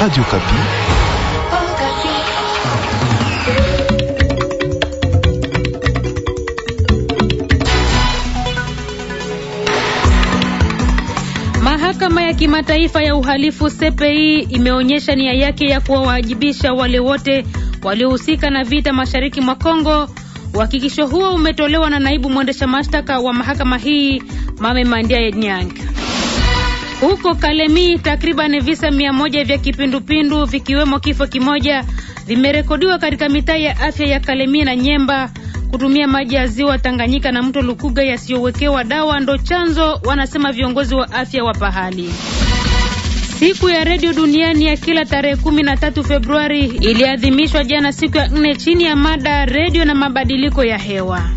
Radio Kapi. Mahakama ya Kimataifa ya Uhalifu CPI imeonyesha nia yake ya kuwawajibisha wale wote waliohusika na vita mashariki mwa Kongo. Uhakikisho huo umetolewa na naibu mwendesha mashtaka wa mahakama hii Mame Mandia Nyang. Huko kalemi takriban visa mia moja vya kipindupindu vikiwemo kifo kimoja vimerekodiwa katika mitaa ya afya ya kalemi na Nyemba. Kutumia maji ya ziwa Tanganyika na mto Lukuga yasiyowekewa dawa ndo chanzo, wanasema viongozi wa afya wa pahali. Siku ya redio duniani ya kila tarehe 13 Februari iliadhimishwa jana siku ya nne chini ya mada redio na mabadiliko ya hewa.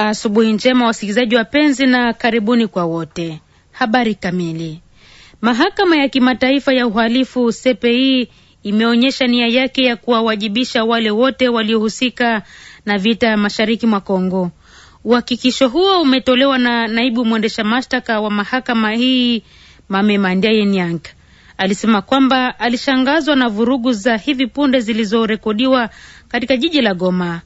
Asubuhi njema wasikilizaji wapenzi, na karibuni kwa wote. Habari kamili. Mahakama ya Kimataifa ya Uhalifu CPI imeonyesha nia yake ya kuwawajibisha wale wote waliohusika na vita mashariki mwa Kongo. Uhakikisho huo umetolewa na naibu mwendesha mashtaka wa mahakama hii Mame Mandiaye Nyang. Alisema kwamba alishangazwa na vurugu za hivi punde zilizorekodiwa katika jiji la Goma.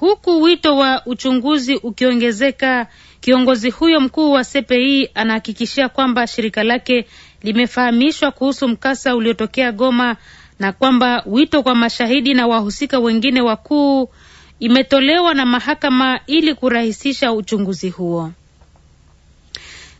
Huku wito wa uchunguzi ukiongezeka, kiongozi huyo mkuu wa CPI e anahakikishia kwamba shirika lake limefahamishwa kuhusu mkasa uliotokea Goma na kwamba wito kwa mashahidi na wahusika wengine wakuu imetolewa na mahakama ili kurahisisha uchunguzi huo.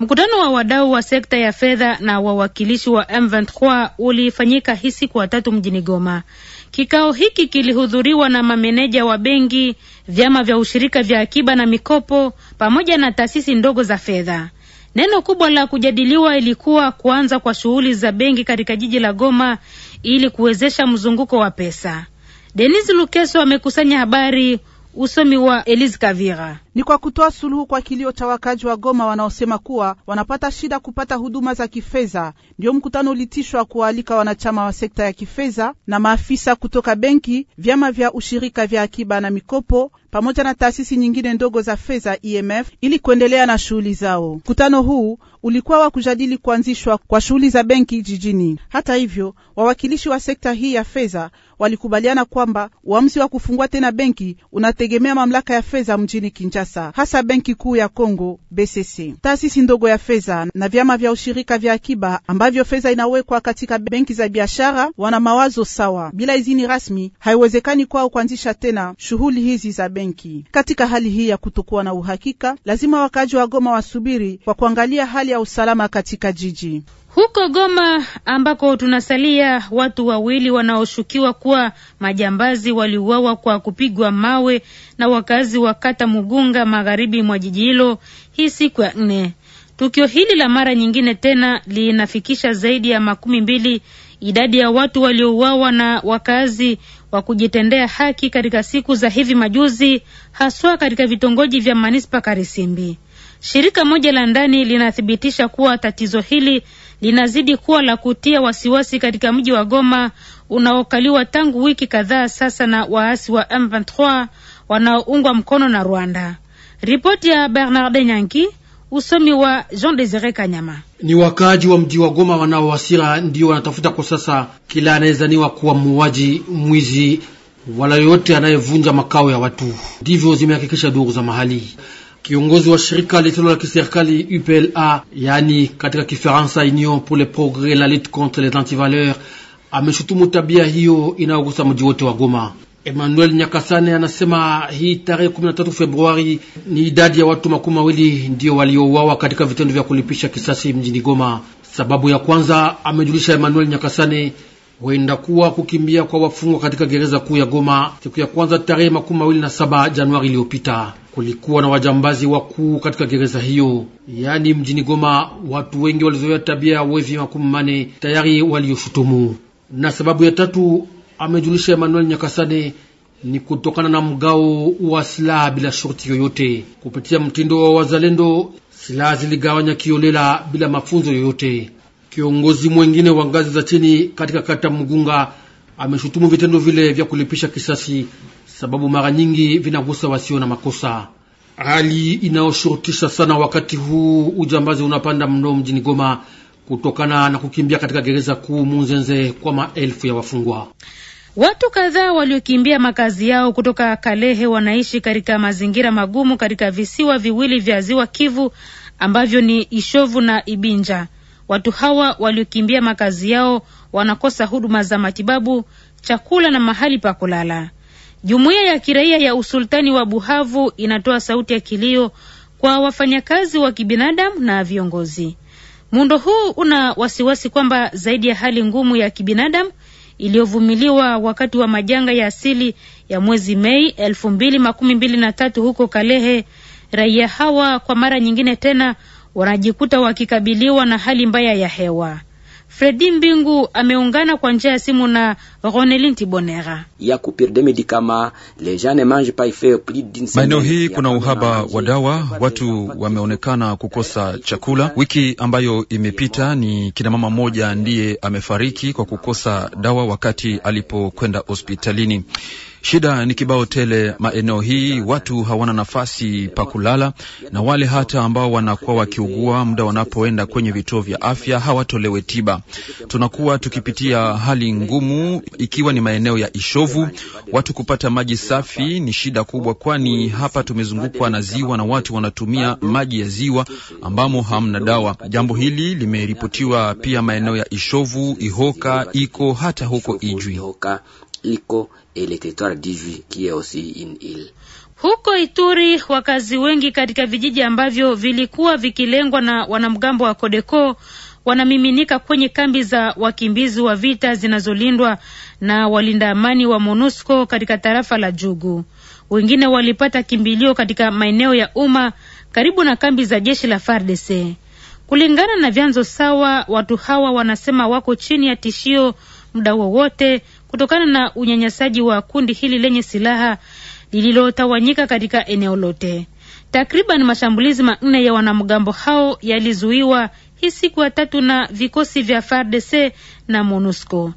Mkutano wa wadau wa sekta ya fedha na wawakilishi wa M23 ulifanyika hii siku tatu mjini Goma. Kikao hiki kilihudhuriwa na mameneja wa benki, vyama vya ushirika vya akiba na mikopo pamoja na taasisi ndogo za fedha. Neno kubwa la kujadiliwa ilikuwa kuanza kwa shughuli za benki katika jiji la Goma ili kuwezesha mzunguko wa pesa. Denis Lukeso amekusanya habari, usomi wa Elise Kavira ni kwa kutoa suluhu kwa kilio cha wakaji wa Goma wanaosema kuwa wanapata shida kupata huduma za kifedha. ndiyo mkutano ulitishwa kuwaalika wanachama wa sekta ya kifedha na maafisa kutoka benki, vyama vya ushirika vya akiba na mikopo pamoja na taasisi nyingine ndogo za fedha IMF e ili kuendelea na shughuli zao. Mkutano huu ulikuwa wa kujadili kuanzishwa kwa shughuli za benki jijini. Hata hivyo, wawakilishi wa sekta hii ya fedha walikubaliana kwamba uamuzi wa kufungua tena benki unategemea mamlaka ya fedha mjini Kinshasa. Kinshasa, hasa benki kuu ya Kongo BCC, taasisi ndogo ya fedha na vyama vya ushirika vya akiba ambavyo fedha inawekwa katika benki za biashara. Wana mawazo sawa, bila idhini rasmi haiwezekani kwao kuanzisha tena shughuli hizi za benki. Katika hali hii ya kutokuwa na uhakika, lazima wakaaji wa Goma wasubiri kwa kuangalia hali ya usalama katika jiji. Huko Goma ambako tunasalia, watu wawili wanaoshukiwa kuwa majambazi waliuawa kwa kupigwa mawe na wakazi wa kata Mugunga magharibi mwa jiji hilo hii siku ya nne. Tukio hili la mara nyingine tena linafikisha zaidi ya makumi mbili idadi ya watu waliouawa na wakazi wa kujitendea haki katika siku za hivi majuzi, haswa katika vitongoji vya manispa Karisimbi. Shirika moja la ndani linathibitisha kuwa tatizo hili linazidi kuwa la kutia wasiwasi katika mji wa Goma unaokaliwa tangu wiki kadhaa sasa na waasi wa M23 wanaoungwa mkono na Rwanda. Ripoti ya Bernard Nyangi, usomi wa Jean Desire Kanyama. Ni wakaaji wa mji wa Goma wanaowasira ndio wanatafuta kwa sasa kila anayezaniwa kuwa muuaji, mwizi wala yoyote anayevunja makao ya watu, ndivyo zimehakikisha duru za mahali. Kiongozi wa shirika lisilo la kiserikali UPLA, yaani katika Kifaransa Union pour le progrès la lutte contre les antivaleurs, ameshutumu tabia hiyo inayogusa mji wote wa Goma. Emmanuel Nyakasane anasema hii tarehe 13 Februari ni idadi ya watu makumi mawili ndio waliouawa katika vitendo vya kulipisha kisasi mjini Goma. Sababu ya kwanza, amejulisha Emmanuel Nyakasane huenda kuwa kukimbia kwa wafungwa katika gereza kuu ya Goma siku ya kwanza tarehe makumi mawili na saba Januari iliyopita. Kulikuwa na wajambazi wakuu katika gereza hiyo, yaani mjini Goma. Watu wengi walizoea tabia ya wevi makumi mane tayari walioshutumu. Na sababu ya tatu, amejulisha Emmanuel Nyakasane, ni kutokana na mgao wa silaha bila shurti yoyote kupitia mtindo wa wazalendo. Silaha ziligawanya kiolela bila mafunzo yoyote. Kiongozi mwengine wa ngazi za chini katika kata Mgunga ameshutumu vitendo vile vya kulipisha kisasi, sababu mara nyingi vinagusa wasio na makosa, hali inayoshurutisha sana wakati huu ujambazi unapanda mno mjini Goma kutokana na kukimbia katika gereza kuu Munzenze kwa maelfu ya wafungwa. Watu kadhaa waliokimbia makazi yao kutoka Kalehe wanaishi katika mazingira magumu katika visiwa viwili vya ziwa Kivu ambavyo ni Ishovu na Ibinja. Watu hawa waliokimbia makazi yao wanakosa huduma za matibabu, chakula na mahali pa kulala. Jumuiya ya kiraia ya usultani wa Buhavu inatoa sauti ya kilio kwa wafanyakazi wa kibinadamu na viongozi. Muundo huu una wasiwasi kwamba zaidi ya hali ngumu ya kibinadamu iliyovumiliwa wakati wa majanga ya asili ya mwezi Mei elfu mbili makumi mbili na tatu huko Kalehe, raia hawa kwa mara nyingine tena wanajikuta wakikabiliwa na hali mbaya ya hewa. Fredi Mbingu ameungana kwa njia ya simu na Ronelin Tibonera. Maeneo hii kuna uhaba wa dawa, watu wameonekana kukosa chakula. Wiki ambayo imepita ni kinamama mmoja ndiye amefariki kwa kukosa dawa wakati alipokwenda hospitalini. Shida ni kibao tele maeneo hii, watu hawana nafasi pa kulala, na wale hata ambao wanakuwa wakiugua muda wanapoenda kwenye vituo vya afya hawatolewe tiba. Tunakuwa tukipitia hali ngumu, ikiwa ni maeneo ya Ishovu. Watu kupata maji safi ni shida kubwa, kwani hapa tumezungukwa na ziwa na watu wanatumia maji ya ziwa ambamo hamna dawa. Jambo hili limeripotiwa pia maeneo ya Ishovu, Ihoka, Iko hata huko Ijwi et le territoire d'Ijwi qui est aussi une île. Huko Ituri, wakazi wengi katika vijiji ambavyo vilikuwa vikilengwa na wanamgambo wa Kodeko wanamiminika kwenye kambi za wakimbizi wa vita zinazolindwa na walinda amani wa MONUSCO katika tarafa la Jugu. Wengine walipata kimbilio katika maeneo ya umma karibu na kambi za jeshi la FARDC. Kulingana na vyanzo sawa, watu hawa wanasema wako chini ya tishio muda wowote kutokana na unyanyasaji wa kundi hili lenye silaha lililotawanyika katika eneo lote. Takriban mashambulizi manne ya wanamgambo hao yalizuiwa hii siku ya tatu na vikosi vya FARDC na MONUSCO.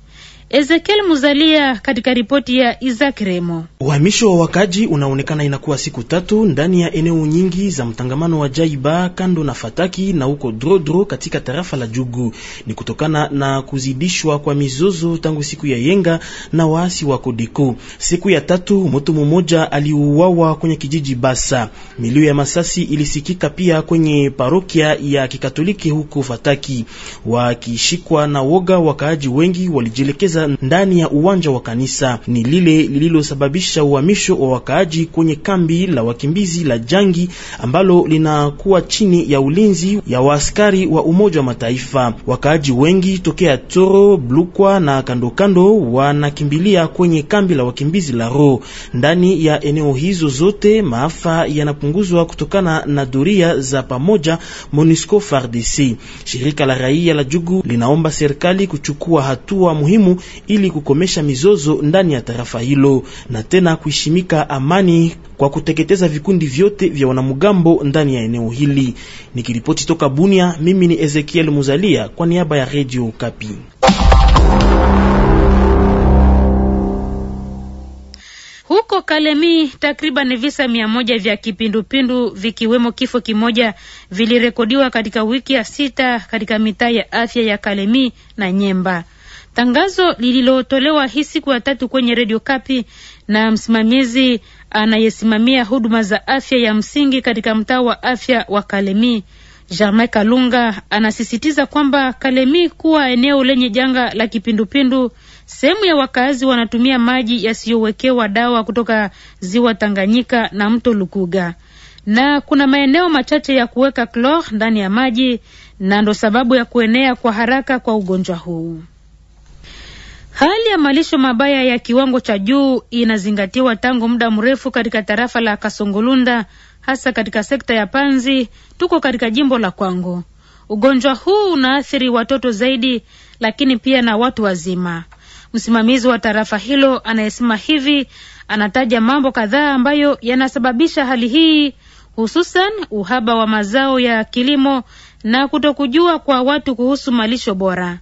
Ezekiel Muzalia katika ripoti ya Isaac Remo. Uhamisho wa wakaji unaonekana inakuwa siku tatu ndani ya eneo nyingi za mtangamano wa Jaiba kando na Fataki na huko Drodro katika tarafa la Jugu. Ni kutokana na kuzidishwa kwa mizozo tangu siku ya Yenga na waasi wa Kodeko. Siku ya tatu mtu mmoja aliuawa kwenye kijiji Basa. Milio ya masasi ilisikika pia kwenye parokia ya Kikatoliki huko Fataki. Wakishikwa na woga, wakaaji wengi walijielekeza kucheza ndani ya uwanja wa kanisa. Ni lile lililosababisha uhamisho wa wakaaji kwenye kambi la wakimbizi la Jangi ambalo linakuwa chini ya ulinzi ya waaskari wa Umoja wa Mataifa. Wakaaji wengi tokea Toro, Blukwa na kandokando wanakimbilia kwenye kambi la wakimbizi la Ro. Ndani ya eneo hizo zote maafa yanapunguzwa kutokana na doria za pamoja MONUSCO FARDC. Shirika la raia la Jugu linaomba serikali kuchukua hatua muhimu ili kukomesha mizozo ndani ya tarafa hilo na tena kuheshimika amani kwa kuteketeza vikundi vyote vya wanamgambo ndani ya eneo hili. Nikiripoti toka Bunia, mimi ni Ezekiel Muzalia kwa niaba ya Radio Kapi. Huko Kalemi takriban visa mia moja vya kipindupindu vikiwemo kifo kimoja vilirekodiwa katika wiki ya sita katika mitaa ya afya ya Kalemi na Nyemba. Tangazo lililotolewa hii siku ya tatu kwenye redio Kapi na msimamizi anayesimamia huduma za afya ya msingi katika mtaa wa afya wa Kalemi, Germain Kalunga, anasisitiza kwamba Kalemi kuwa eneo lenye janga la kipindupindu. Sehemu ya wakazi wanatumia maji yasiyowekewa dawa kutoka ziwa Tanganyika na mto Lukuga, na kuna maeneo machache ya kuweka klor ndani ya maji, na ndo sababu ya kuenea kwa haraka kwa ugonjwa huu. Hali ya malisho mabaya ya kiwango cha juu inazingatiwa tangu muda mrefu katika tarafa la Kasongolunda, hasa katika sekta ya Panzi. Tuko katika jimbo la Kwango. Ugonjwa huu unaathiri watoto zaidi, lakini pia na watu wazima. Msimamizi wa tarafa hilo anayesema hivi anataja mambo kadhaa ambayo yanasababisha hali hii, hususan uhaba wa mazao ya kilimo na kutokujua kwa watu kuhusu malisho bora.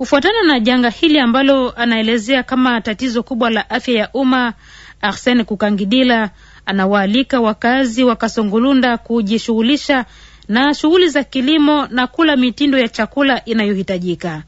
Kufuatana na janga hili ambalo anaelezea kama tatizo kubwa la afya ya umma, Arsene Kukangidila anawaalika wakazi wa Kasongolunda kujishughulisha na shughuli za kilimo na kula mitindo ya chakula inayohitajika.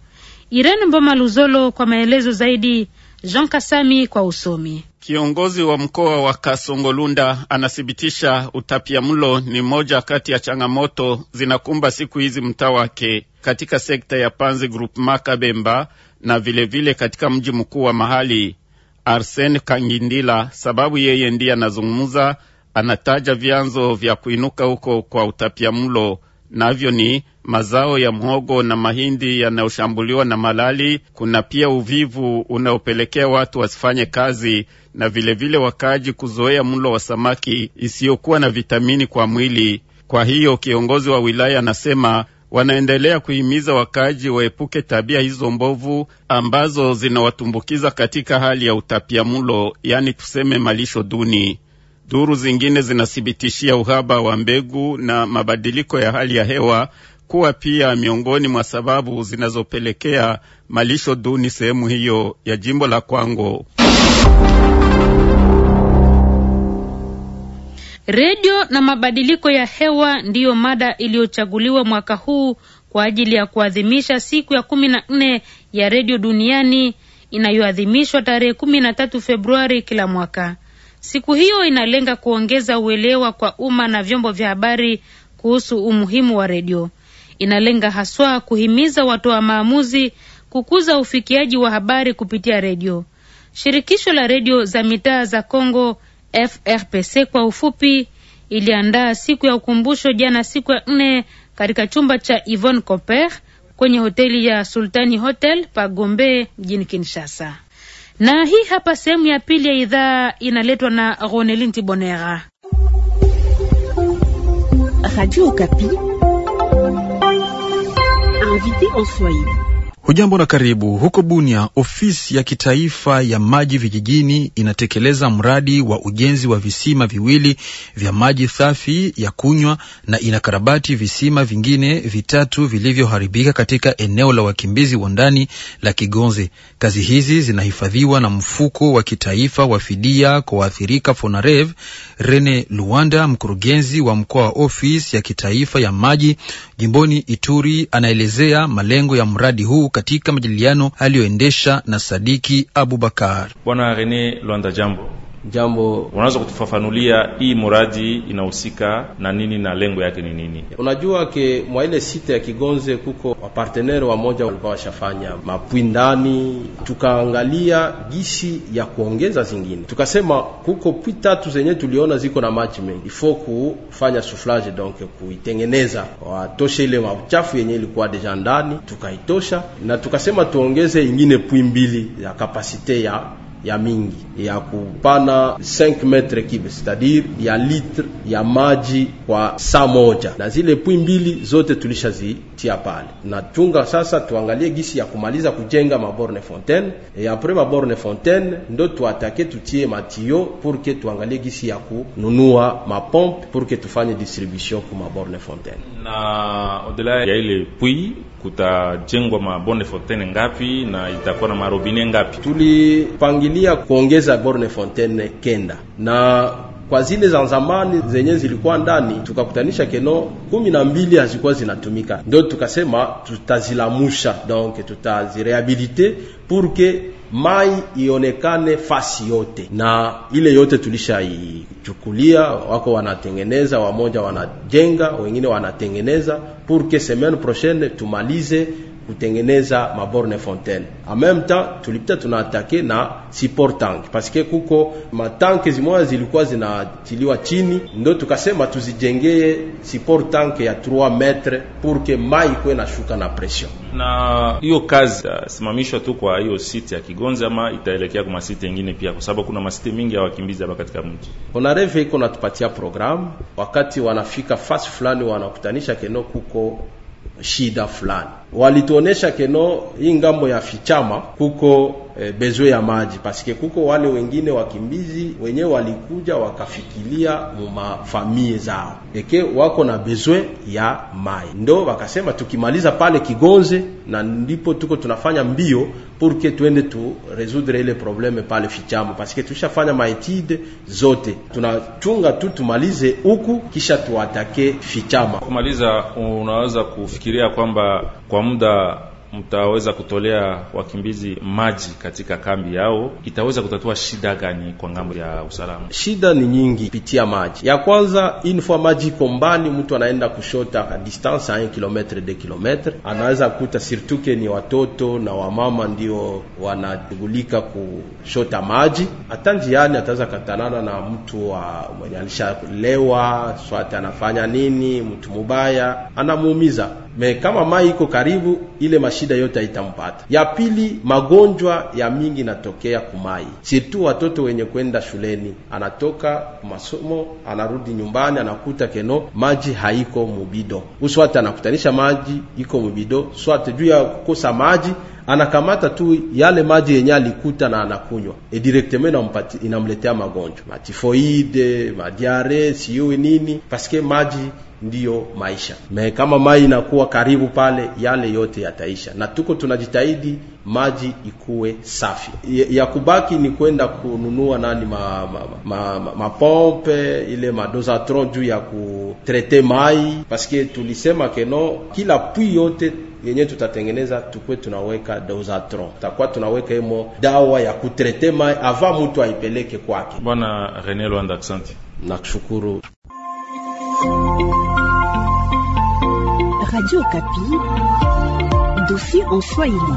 Irene Mboma Luzolo kwa maelezo zaidi. Jean Kasami kwa usomi. Kiongozi wa mkoa wa Kasongolunda anathibitisha utapiamlo ni moja kati ya changamoto zinakumba siku hizi mtaa wake katika sekta ya Panzi Maka Kabemba na vilevile vile katika mji mkuu wa mahali. arsen Kangindila, sababu yeye ndiye anazungumza, anataja vyanzo vya kuinuka huko kwa utapiamlo navyo ni mazao ya mhogo na mahindi yanayoshambuliwa na malali. Kuna pia uvivu unaopelekea watu wasifanye kazi na vilevile vile wakaaji kuzoea mlo wa samaki isiyokuwa na vitamini kwa mwili. Kwa hiyo kiongozi wa wilaya anasema wanaendelea kuhimiza wakaaji waepuke tabia hizo mbovu ambazo zinawatumbukiza katika hali ya utapia mlo, yaani tuseme malisho duni. Duru zingine zinathibitishia uhaba wa mbegu na mabadiliko ya hali ya hewa kuwa pia miongoni mwa sababu zinazopelekea malisho duni sehemu hiyo ya jimbo la Kwango. Redio na mabadiliko ya hewa ndiyo mada iliyochaguliwa mwaka huu kwa ajili ya kuadhimisha siku ya kumi na nne ya redio duniani inayoadhimishwa tarehe kumi na tatu Februari kila mwaka. Siku hiyo inalenga kuongeza uelewa kwa umma na vyombo vya habari kuhusu umuhimu wa redio. Inalenga haswa kuhimiza watoa wa maamuzi kukuza ufikiaji wa habari kupitia redio. Shirikisho la redio za mitaa za congo FRPC kwa ufupi iliandaa siku ya ukumbusho jana siku ya nne katika chumba cha Yvonne Comper kwenye hoteli ya Sultani Hotel Pagombe mjini Kinshasa na hii hapa sehemu ya pili ya idhaa inaletwa na Ronelin Tibonera, Radio Okapi, invité en Swahili. Hujambo na karibu. Huko Bunia, ofisi ya kitaifa ya maji vijijini inatekeleza mradi wa ujenzi wa visima viwili vya maji safi ya kunywa na inakarabati visima vingine vitatu vilivyoharibika katika eneo la wakimbizi wa ndani la Kigonze. Kazi hizi zinahifadhiwa na mfuko wa kitaifa wa fidia kwa waathirika FONAREV. Rene Luanda, mkurugenzi wa mkoa wa ofisi ya kitaifa ya maji jimboni Ituri, anaelezea malengo ya mradi huu katika majadiliano aliyoendesha na Sadiki Abubakar. Bwana Rene Lwanda, jambo jambo unaweza kutufafanulia hii muradi inahusika na nini na lengo yake ni nini? Unajua ke mwa ile site ya Kigonze kuko wa wamoja walikuwa washafanya mapwi ndani, tukaangalia gisi ya kuongeza zingine, tukasema kuko pwi tatu zenye tuliona ziko na maji mengi, ifo kufanya soufflage, donc kuitengeneza, watoshe ile mauchafu yenye ilikuwa deja ndani, tukaitosha na tukasema tuongeze ingine pwi mbili ya kapasite ya ya mingi ya kupana 5 metre kibe cetadire ya litre ya maji kwa saa moja, na zile pwi mbili zote tulishazitia pale. na Nachunga sasa tuangalie gisi ya kumaliza kujenga maborne fontaine e apres maborne fontaine ndo tuatake tutie matio purke tuangalie gisi ya kununua mapompe purke tufanye distribution ku maborne fontaine na odela ya ile pwi kutajengwa maborne fontaine ngapi na itakuwa na marobine ngapi? Tulipangilia kuongeza borne fontaine kenda na kwa zile za zamani zenye zilikuwa ndani tukakutanisha keno kumi na mbili hazikuwa zinatumika, ndio tukasema tutazilamusha, donc tutazirehabilite pour que mai ionekane fasi yote, na ile yote tulishaichukulia. Wako wanatengeneza, wamoja wanajenga, wengine wanatengeneza, pour que semaine prochaine tumalize kutengeneza maborne fontaine. En même temps tulipita tunaatake na support tank, paske kuko matanke zimoya zilikuwa zinatiliwa chini, ndo tukasema tuzijengee support tank ya 3 metre pour que mai kwe na shuka na pression. Na hiyo kazi simamishwa tu kwa hiyo site ya Kigonza, ama itaelekea kwa masite nyingine pia, kwa sababu kuna masite mingi ya wakimbizi hapa katika mji. Kuna reve iko natupatia programu, wakati wanafika fasi fulani wanakutanisha keno kuko shida fulani. Walituonesha keno hii ngambo ya fichama kuko e, eh, bezwe ya maji paske kuko wale wengine wakimbizi wenyewe walikuja wakafikilia mumafamie zao eke wako na bezwe ya mai, ndo wakasema tukimaliza pale Kigonze na ndipo tuko tunafanya mbio purke tuende tu resoudre ile probleme pale Fichamo, paske tushafanya maetide zote, tunachunga tu tumalize huku kisha tuatake Fichama. Kumaliza, unaweza kufikiria kwamba kwa muda mtaweza kutolea wakimbizi maji katika kambi yao, itaweza kutatua shida gani kwa ngambo ya usalama? Shida ni nyingi pitia maji. Ya kwanza infoa maji iko mbali, mtu anaenda kushota distance ya km de km, anaweza kuta sirtuke ni watoto na wamama ndio wanashughulika kushota maji. Hata njiani ataweza katanana na mtu wa mwenye alishalewa, swati anafanya nini, mtu mubaya anamuumiza me kama mai iko karibu, ile mashida yote haitampata. Ya pili, magonjwa ya mingi natokea kumai, sirtu watoto wenye kwenda shuleni, anatoka masomo anarudi nyumbani, anakuta keno maji haiko mubido, uswate anakutanisha maji iko mubido swate juu ya kukosa maji anakamata tu yale maji yenye alikuta na anakunywa e directement inamletea magonjwa matifoide madiare sijui nini paske maji ndiyo maisha me kama maji inakuwa karibu pale yale yote yataisha na tuko tunajitahidi maji ikuwe safi ya kubaki ni kwenda kununua nani mapompe ma, ma, ma, ma ile madosatron juu ya kutrete mai paske tulisema keno kila pui yote yenye tutatengeneza tukwe tunaweka dosatron, tutakuwa tunaweka imo dawa ya kutrete mai ava mutu aipeleke kwake. Bwana Rene Lwanda, asante na kushukuru. Radio Kapi, dossier en Swahili.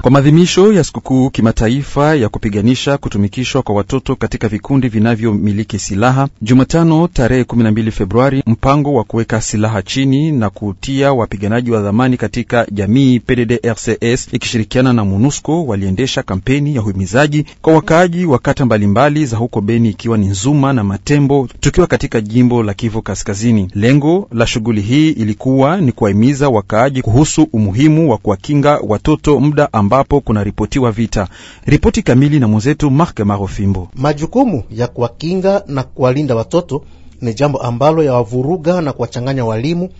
Kwa maadhimisho ya sikukuu kimataifa ya kupiganisha kutumikishwa kwa watoto katika vikundi vinavyomiliki silaha, Jumatano tarehe 12 Februari, mpango wa kuweka silaha chini na kutia wapiganaji wa dhamani katika jamii PDDRCS ikishirikiana na MONUSCO waliendesha kampeni ya uhimizaji kwa wakaaji wa kata mbalimbali za huko Beni, ikiwa ni Nzuma na Matembo, tukiwa katika jimbo la Kivu Kaskazini. Lengo la shughuli hii ilikuwa ni kuwahimiza wakaaji kuhusu umuhimu wa kuwakinga watoto muda ambapo kunaripotiwa vita. Ripoti kamili na mwenzetu Mark Marofimbo. Majukumu ya kuwakinga na kuwalinda watoto ni jambo ambalo yawavuruga na kuwachanganya walimu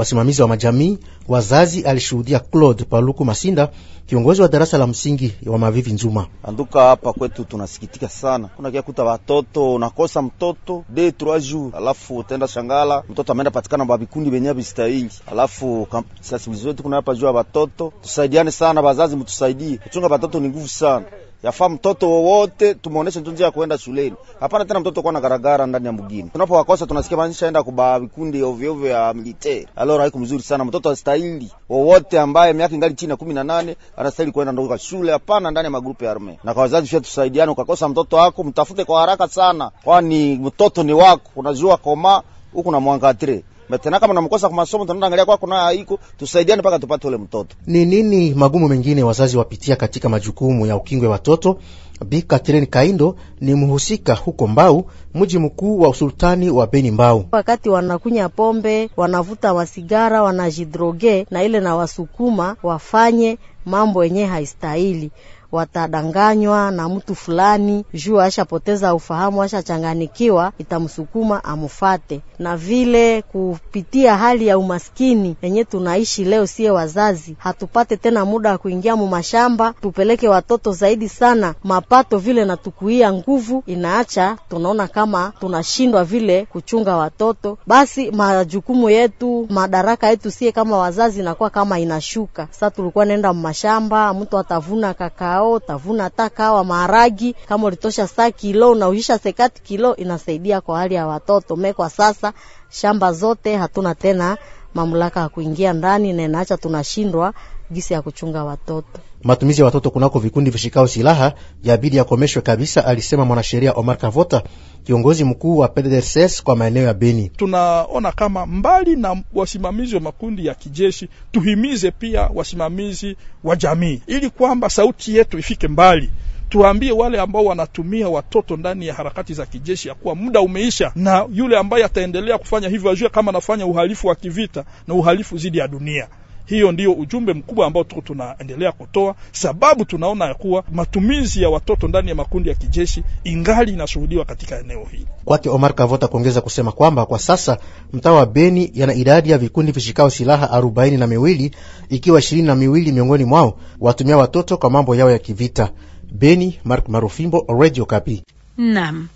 wasimamizi wa majamii, wazazi, alishuhudia Claude Paluku Masinda, kiongozi wa darasa la msingi wa Mavivi Nzuma. Anduka hapa kwetu tunasikitika sana, kuna kia kuta watoto unakosa mtoto de trois jours, alafu utaenda shangala mtoto ameenda patikana ba vikundi venye vistahili, Alafu sensibilizo yetu kuna hapa juu ya watoto, tusaidiane sana, wazazi mutusaidie kuchunga watoto, ni nguvu sana Yafaa mtoto wowote tumuoneshe njia ya kuenda shuleni. Hapana tena mtoto kwa na garagara ndani ya mgini. Tunapowakosa tunasikia maanisha enda kuba vikundi ovyo ovyo ya militaire. Alors haiku mzuri sana mtoto astahili wowote ambaye miaka ingali chini ya nane anastahili kuenda ndoka shule, hapana ndani ya magrupu ya arme. Na kwa wazazi pia tusaidiane, ukakosa mtoto wako mtafute kwa haraka sana, kwani mtoto ni wako, unajua koma huku na mwanga 3 Matena kama namkosa kwa masomo, tunaenda angalia kwako na haiko, tusaidiane mpaka tupate ule mtoto. Ni nini magumu mengine wazazi wapitia katika majukumu ya ukingwe watoto? Bi Catherine Kaindo ni mhusika huko Mbau, mji mkuu wa usultani wa Beni Mbau. Wakati wanakunya pombe, wanavuta masigara, wanajidroge na ile na wasukuma wafanye mambo yenye haistahili watadanganywa na mtu fulani juu ashapoteza ufahamu, ashachanganikiwa, itamsukuma amufate. Na vile kupitia hali ya umaskini yenye tunaishi leo, siye wazazi hatupate tena muda wa kuingia mumashamba tupeleke watoto zaidi sana mapato vile na tukuia nguvu, inaacha tunaona kama tunashindwa vile kuchunga watoto. Basi majukumu yetu madaraka yetu siye kama wazazi inakuwa kama inashuka. Sasa tulikuwa nenda mumashamba, mtu atavuna kakao kakao, utavuna hata kawa maharagi, kama ulitosha saa kilo unauhisha sekati kilo, inasaidia kwa hali ya watoto me. Kwa sasa shamba zote hatuna tena mamlaka ya kuingia ndani, na inaacha tunashindwa gisi ya kuchunga watoto. Matumizi ya watoto kunako vikundi vishikao silaha yabidi yakomeshwe kabisa, alisema mwanasheria Omar Kavota, kiongozi mkuu wa PDRCS kwa maeneo ya Beni. Tunaona kama mbali na wasimamizi wa makundi ya kijeshi, tuhimize pia wasimamizi wa jamii, ili kwamba sauti yetu ifike mbali tuambie wale ambao wanatumia watoto ndani ya harakati za kijeshi ya kuwa muda umeisha, na yule ambaye ataendelea kufanya hivyo ajue kama anafanya uhalifu wa kivita na uhalifu dhidi ya dunia. Hiyo ndio ujumbe mkubwa ambao tuko tunaendelea kutoa, sababu tunaona ya kuwa matumizi ya watoto ndani ya makundi ya kijeshi ingali inashuhudiwa katika eneo hili. Kwake Omar Kavota kuongeza kusema kwamba kwa sasa mtaa wa Beni yana idadi ya vikundi vishikao silaha arobaini na miwili ikiwa ishirini na miwili miongoni mwao watumia watoto kwa mambo yao ya kivita. Beni, Mark Marufimbo, Radio Kapi. Naam,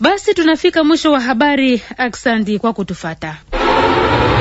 basi tunafika mwisho wa habari. Aksandi kwa kutufata.